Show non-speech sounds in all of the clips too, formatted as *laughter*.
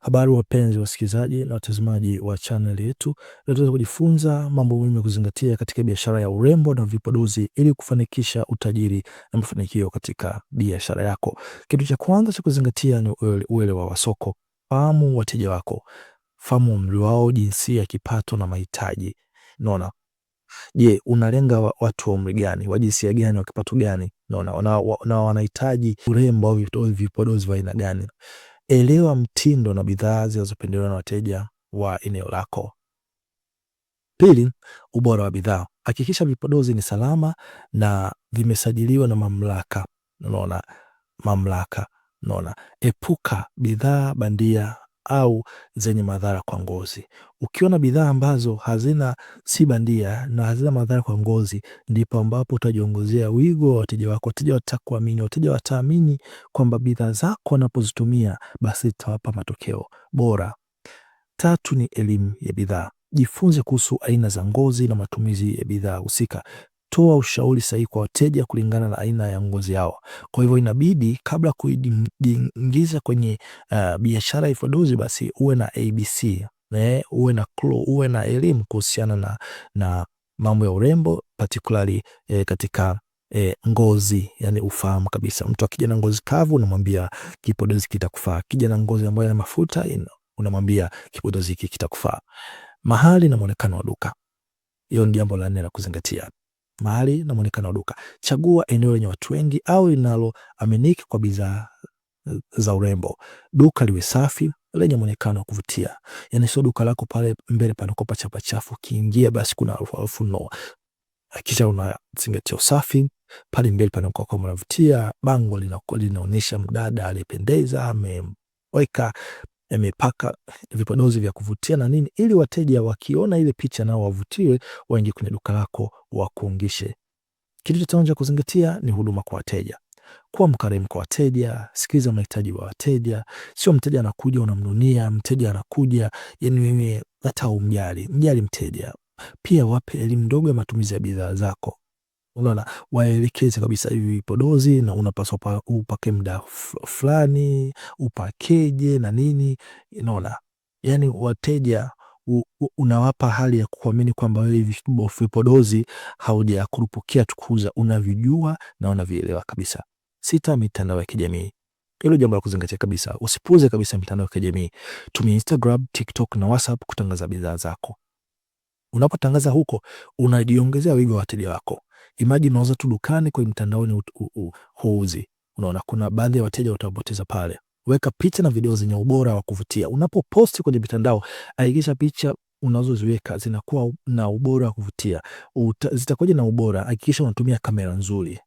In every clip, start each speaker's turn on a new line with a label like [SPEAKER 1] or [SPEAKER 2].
[SPEAKER 1] Habari wapenzi wasikilizaji na watazamaji wa channel yetu, leo tunaweza kujifunza mambo muhimu ya kuzingatia katika biashara ya urembo na vipodozi ili kufanikisha utajiri na mafanikio katika biashara yako. Kitu cha kwanza cha kuzingatia ni uelewa wa soko. Fahamu wateja wako, fahamu umri wao, jinsia, kipato na mahitaji. Naona je, unalenga watu wa umri gani, wa jinsia gani, wa kipato gani? Naona na wanahitaji urembo au vipodozi vya aina gani? Elewa mtindo na bidhaa zinazopendelewa na wateja wa eneo lako. Pili, ubora wa bidhaa. Hakikisha vipodozi ni salama na vimesajiliwa na mamlaka. Unaona, mamlaka. Unaona, epuka bidhaa bandia au zenye madhara kwa ngozi. Ukiona bidhaa ambazo hazina si bandia na hazina madhara kwa ngozi, ndipo ambapo utajiongozea wigo wa wateja wako. Wateja watakuamini, wateja wataamini kwamba bidhaa zako wanapozitumia basi zitawapa matokeo bora. Tatu ni elimu ya bidhaa. Jifunze kuhusu aina za ngozi na matumizi ya bidhaa husika kutoa ushauri sahihi kwa wateja kulingana na aina ya ngozi yao. Kwa hivyo inabidi kabla kujiingiza kwenye uh, biashara ya vipodozi basi uwe na ABC ne, uwe na clue, uwe na elimu kuhusiana na, na mambo ya urembo particularly eh, katika E, ngozi yani, ufahamu kabisa. Mtu akija na ngozi kavu unamwambia kipodozi kitakufaa, akija na ngozi ambayo ina mafuta unamwambia kipodozi hiki kitakufaa. Mahali na muonekano wa duka, hiyo ni jambo la nne la kuzingatia mahali na mwonekano wa duka. Chagua eneo lenye watu wengi au linaloaminika kwa bidhaa eh, za urembo. Duka liwe safi, lenye mwonekano wa kuvutia, yani sio duka lako pale mbele panakopa chapa chafu, ukiingia basi kuna harufu harufu no. Hakikisha unazingatia usafi pale mbele panakuwa kama unavutia, bango linaonyesha mdada aliyependeza ameweka yamepaka vipodozi vya kuvutia na nini, ili wateja wakiona ile picha nao wavutiwe, waingie kwenye duka lako wakuungishe. Kitu cha kuzingatia ni huduma kwa wateja. Kuwa mkarimu kwa wateja, sikiliza mahitaji wa wateja. Sio mteja anakuja unamnunia, mteja anakuja yani wewe hata umjali, mjali mteja. Pia wape elimu ndogo ya matumizi ya bidhaa zako. Unaona, waelekeze kabisa hivi vipodozi na unapaswa upake mda fulani, upakeje na nini. Unaona, yani wateja U, u, unawapa hali ya kuamini kwamba wewe vipodozi haujakurupukia tu kuuza, unavijua na unavielewa kabisa. Sita, mitandao ya kijamii. Hilo jambo la kuzingatia kabisa, usipuuze kabisa mitandao ya kijamii. Tumia Instagram, TikTok na WhatsApp kutangaza bidhaa zako. Unapotangaza huko, unajiongezea wigo wa wateja wako imagine unauza tu dukani kwa mtandaoni huuzi. Unaona, kuna baadhi ya wateja watapoteza pale. Weka picha na video zenye ubora wa kuvutia. Unapoposti kwenye mitandao, hakikisha picha unazoziweka zinakuwa na ubora wa kuvutia. Zitakuja na ubora, hakikisha unatumia kamera nzuri,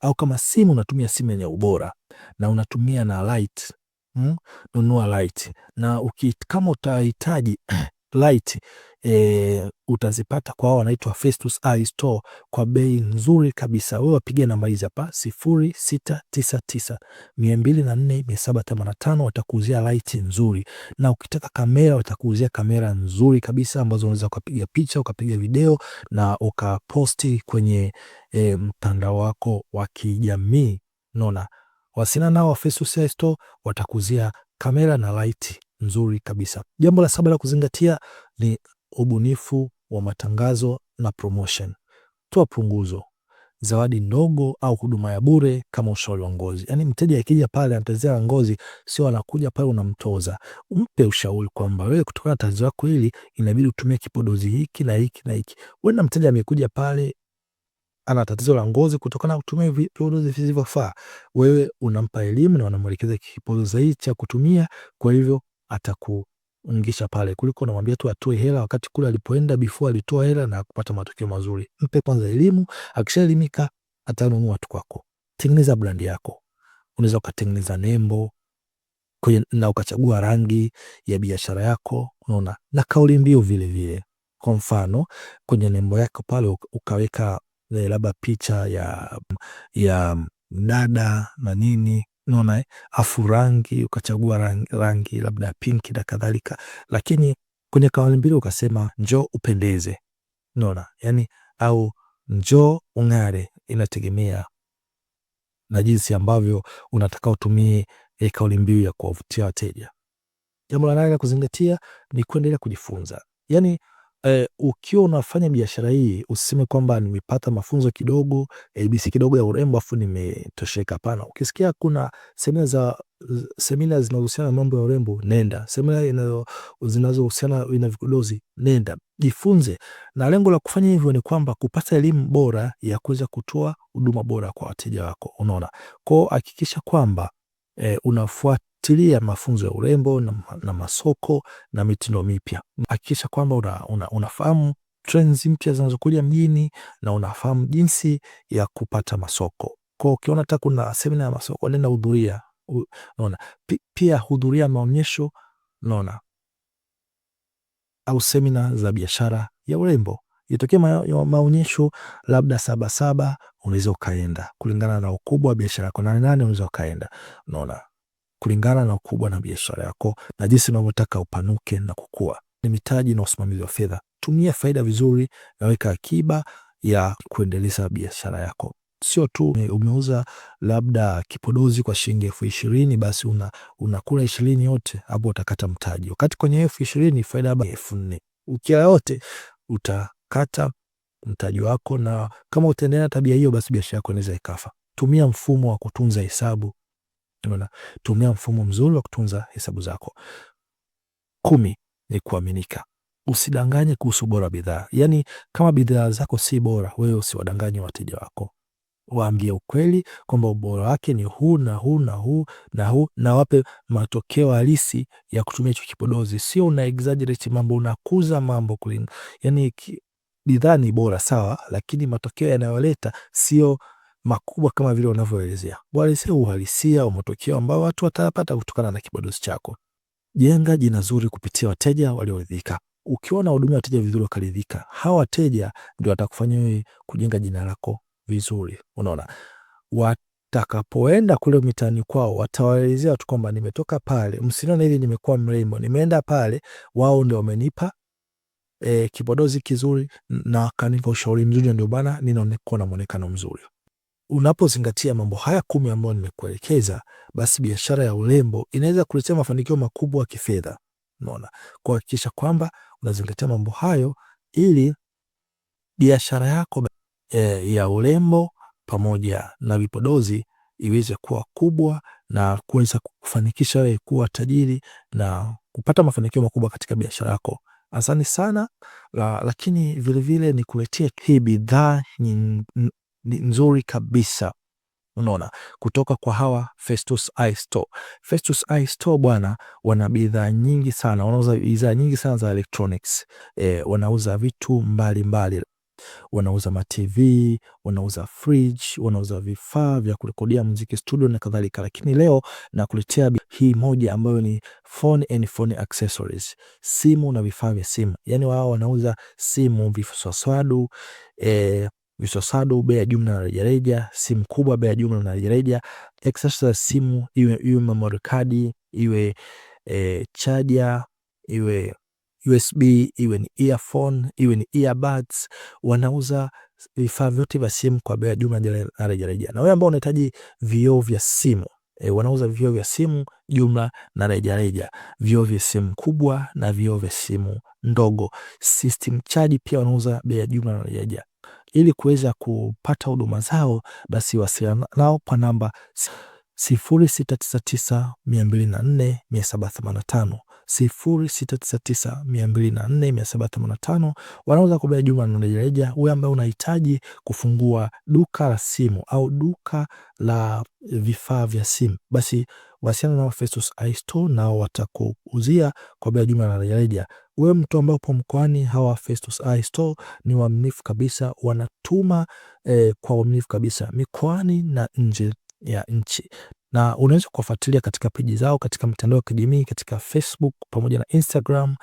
[SPEAKER 1] au kama simu unatumia simu yenye ubora na unatumia na light. Hmm? Nunua light na uki, kama utahitaji *clears throat* light e, utazipata kwa wao wanaitwa Festus Eye Store kwa bei nzuri kabisa. Wewe wapiga namba hizi hapa 0699 204 watakuuzia light nzuri, na ukitaka kamera watakuuzia kamera nzuri kabisa ambazo unaweza ukapiga picha ukapiga video na ukaposti kwenye e, mtandao wako wa kijamii. Naona wasina nao Festus Eye Store watakuzia kamera na light nzuri kabisa. Jambo la saba la kuzingatia ni ubunifu wa matangazo na promotion. Toa punguzo, zawadi ndogo au huduma ya bure kama ushauri wa ngozi. Yaani mteja akija pale anatezea ngozi, sio anakuja pale unamtoza. Umpe ushauri kwamba wewe, kutokana na tatizo lako hili, inabidi utumie kipodozi hiki na hiki na hiki. Wewe na mteja amekuja pale ana tatizo la ngozi kutokana na kutumia vipodozi visivyofaa. Wewe unampa elimu na unamwelekeza kipodozi hii cha kutumia, kwa hivyo atakuungisha pale, kuliko namwambia tu atoe hela, wakati kule alipoenda before alitoa hela na kupata matokeo mazuri. Mpe kwanza elimu, akishaelimika atanunua tu kwako. Tengeneza brand yako, unaweza ukatengeneza nembo kwenye, na ukachagua rangi ya biashara yako, unaona, na kauli mbiu vile vile. Kwa mfano kwenye nembo yako pale ukaweka eh, labda picha ya ya mdada mm, na nini, naona eh, afu rangi ukachagua rangi, rangi labda pinki na kadhalika, lakini kwenye kauli mbili ukasema njoo upendeze, naona yani au njoo ung'are, inategemea na jinsi ambavyo unataka utumie e, kauli mbiu ya kuwavutia wateja. Jambo la nane la kuzingatia ni kuendelea kujifunza yani eh, ukiwa unafanya biashara hii usiseme kwamba nimepata mafunzo kidogo ABC kidogo ya urembo afu nimetosheka. Hapana, ukisikia kuna semina za semina zinazohusiana na mambo ya urembo nenda, semina zinazohusiana na vikodozi, nenda, jifunze. Na lengo la kufanya hivyo ni kwamba kupata elimu bora ya kuweza kutoa huduma bora kwa wateja wako, unaona. Kwa hakikisha kwamba e, unafuatilia mafunzo ya urembo na, na masoko na mitindo mipya. Hakikisha kwamba una, una, unafahamu trends mpya zinazokuja mjini na unafahamu jinsi ya kupata masoko. Kwa ukiona hata kuna semina ya masoko, nenda hudhuria. Unaona, pia hudhuria maonyesho, unaona, au semina za biashara ya urembo. Itokee ma, maonyesho labda saba saba, unaweza ukaenda kulingana na ukubwa wa biashara yako. Nane Nane unaweza ukaenda, unaona, kulingana na ukubwa na biashara yako na jinsi unavyotaka upanuke na kukua. Ni mitaji na usimamizi wa fedha. Tumia faida vizuri, naweka akiba ya kuendeleza biashara yako. Sio tu umeuza labda kipodozi kwa shilingi elfu ishirini basi una unakula ishirini yote, hapo utakata mtaji, wakati kwenye elfu ishirini faida elfu nne ukila yote uta kukata mtaji wako, na kama utaendelea na tabia hiyo, basi biashara yako inaweza ikafa. Tumia mfumo wa kutunza hesabu. Unaona, tumia mfumo mzuri wa kutunza hesabu zako. Kumi ni kuaminika. Usidanganye kuhusu ubora wa bidhaa. Yaani, kama bidhaa zako si bora, wewe usiwadanganye wateja wako, waambie ukweli kwamba ubora wake ni huu na huu na huu na huu, na wape matokeo halisi ya kutumia hicho kipodozi. Sio una exaggerate mambo, unakuza mambo kulingana, yani bidhaa ni bora sawa, lakini matokeo yanayoleta sio makubwa kama vile unavyoelezea. Uhalisia uhalisia wa matokeo ambayo watu watapata kutokana na kipodozi chako. Jenga jina zuri kupitia wateja walioridhika. Ukiwa hudumia wateja vizuri wakaridhika, hawa wateja ndio watakufanya wewe kujenga jina lako vizuri. Unaona, watakapoenda kule mitaani kwao, watawaelezea watu kwamba nimetoka pale Msinoni hivi, nimekuwa mrembo, nimeenda pale, wao ndio wamenipa e, kipodozi kizuri na kanipa ushauri mzuri, ndio bana ninaonekana na muonekano mzuri. Unapozingatia mambo haya kumi ambayo nimekuelekeza, basi biashara ya urembo inaweza kuletea mafanikio makubwa ya kifedha. Unaona, kuhakikisha kwamba unazingatia mambo hayo ili biashara yako e, ya urembo pamoja na vipodozi iweze kuwa kubwa na kuweza kufanikisha wewe kuwa tajiri na kupata mafanikio makubwa katika biashara yako. Asante sana la, lakini vilevile nikuletea hii bidhaa nzuri kabisa unaona kutoka kwa hawa Festus iStore. Festus iStore bwana, wana bidhaa nyingi sana, wanauza bidhaa nyingi sana za electronics. E, wanauza vitu mbalimbali mbali wanauza ma TV, wanauza fridge, wanauza vifaa vya kurekodia muziki studio na kadhalika. Lakini leo nakuletea hii moja ambayo ni phone and phone accessories, simu na vifaa vya simu. Yani wao wanauza simu, viswaswadu eh, visosado bei ya jumla na rejareja, simu kubwa bei ya jumla na rejareja, accessories za simu iwe iwe memory card iwe e, chaja iwe USB, iwe ni earphone, iwe ni earbuds, wanauza vifaa vyote vya simu kwa bei ya jumla na rejareja. Na wewe ambao unahitaji vioo vya simu E, wanauza vioo vya simu jumla na rejareja, vioo vya simu kubwa na vioo vya simu ndogo. System charge pia wanauza bei ya jumla na rejareja. Ili kuweza kupata huduma zao, basi wasiliana nao kwa namba 0699 204 785. 0699204785 wanaweza kubea jumla na rejareja. Wewe ambaye unahitaji kufungua duka la simu au duka la vifaa vya simu, basi wasiana na Festus iStore, nao watakuuzia kwa bei jumla na rejareja. Wewe mtu ambaye upo mkoani, hawa Festus iStore ni waaminifu kabisa, wanatuma eh, kwa uaminifu kabisa mikoani na nje ya nchi na unaweza kuwafuatilia katika peji zao katika mitandao ya kijamii katika Facebook pamoja na Instagram,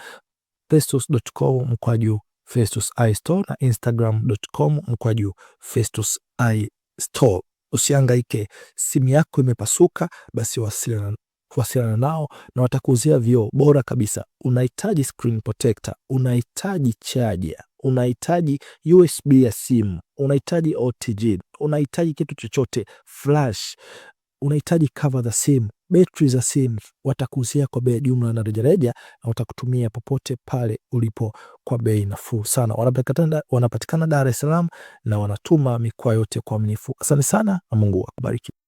[SPEAKER 1] festus.com mkwaju festus store na instagram.com mkwaju festus store. Usihangaike, simu yako imepasuka, basi wasiliana kuwasiliana nao na watakuuzia vioo bora kabisa. Unahitaji screen protector, unahitaji chaja, unahitaji USB ya simu, unahitaji OTG, unahitaji kitu chochote flash, unahitaji cover za simu, betri za simu, watakuuzia kwa bei jumla na rejareja, na watakutumia popote pale ulipo kwa bei nafuu sana. Wanapatikana, wanapatikana Dar es Salaam na wanatuma mikoa yote kwa uaminifu. Asante sana na Mungu akubariki.